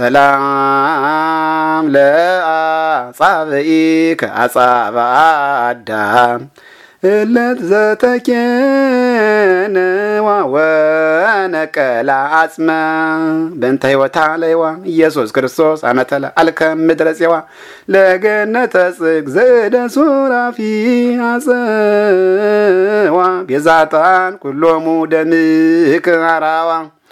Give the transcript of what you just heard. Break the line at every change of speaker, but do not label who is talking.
ሰላም ለአጻብኢከ አጻበ አዳም እለት ዘተኬንዋ ወነቀላ አጽመ በእንተ ሕይወታ ለይዋ ኢየሱስ ክርስቶስ አመተላ አልከም ምድረጼዋ ለገነተ ጽግ ዘደ ሱራፊ አጽዋ ቤዛጣን ኩሎሙ
ደምክ አራዋ